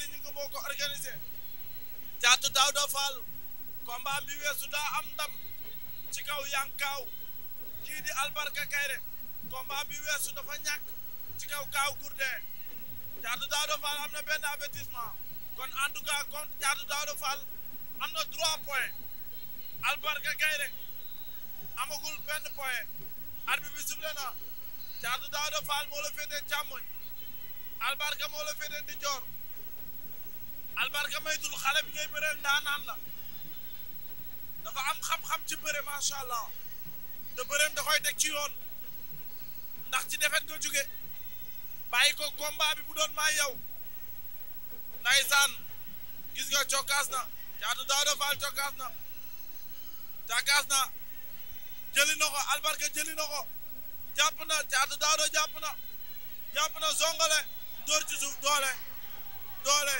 Ely ñu ngi moo ko organisé caatu daaw da faal combat weesu daa am ndam ci kaw yankaaw kii di albarka kayre combat bi weesu dafa ñàkk ci kaw kaaw gurde caatu daaw am na benn avertissement kon en tout cas kon caatu am na trois points albarka kayre amagul benn point arbitre bi sifflé na caatu moo la féetee càmmoñ albarka moo la féetee ndijoor albarka maytul xale bi ngay ndaanaan la dafa am xam-xam ci bëre macha allah te bëreem da koy ci yoon ndax ci defet nga jóge bàyyi ko combat bi bu doon maa yow ndaysaan gis nga cokkaas na caatu Daawda Faal cokkaas na cokkaas na jëli na ko albarka jëli caatu Daawda jàpp na jàpp na zongale dóor ci suuf doole doole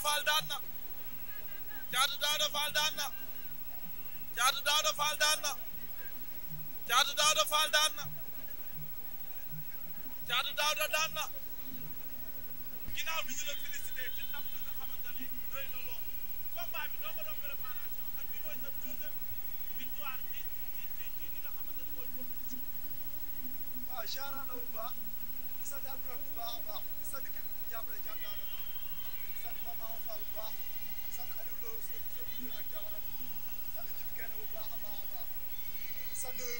Fall daan na caatu daan na caatu daan na caatu daan na caatu daan na ginnaaw bi ñu la félicité ci ndam bi nga xamante ni na lool combat bi doo ko doon préparation ak bi mooy sa deuxième victoire ci ci ci ci li nga xamante ni mooy compétition waaw na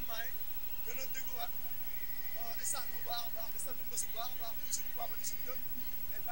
entraînement yi gën a dégluwaat euh, instant baax a baax di sant mbës bu baax a baax